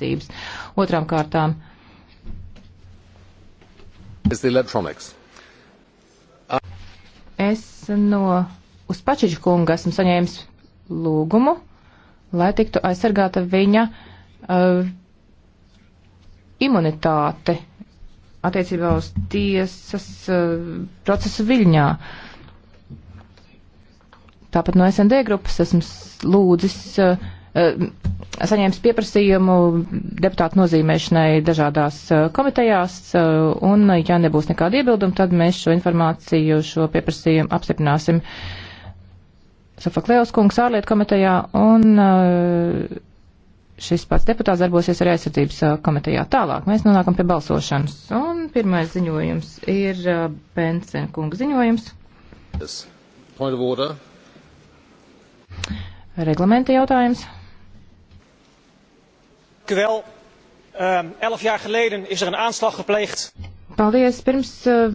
rīcības. Otrām kārtām. Es no Uspačiča kunga esmu saņēmis lūgumu, lai tiktu aizsargāta viņa uh, imunitāte attiecībā uz tiesas uh, procesu Viļņā. Tāpat no SND grupas esmu lūdzis uh, Eh, saņēmis pieprasījumu deputātu nozīmēšanai dažādās eh, komitejās, eh, un ja nebūs nekāda iebilduma, tad mēs šo informāciju, šo pieprasījumu apstiprināsim Sofaklēvs kungs ārlietu komitejā, un šis pats deputāts darbosies arī aizsardzības komitejā. Tālāk mēs nonākam pie balsošanas, un pirmais ziņojums ir Bensen kunga ziņojums. Yes. Reglamenta jautājums. Ehm, elf jaar geleden is er een aanslag gepleegd. Paldies. Pirms eh,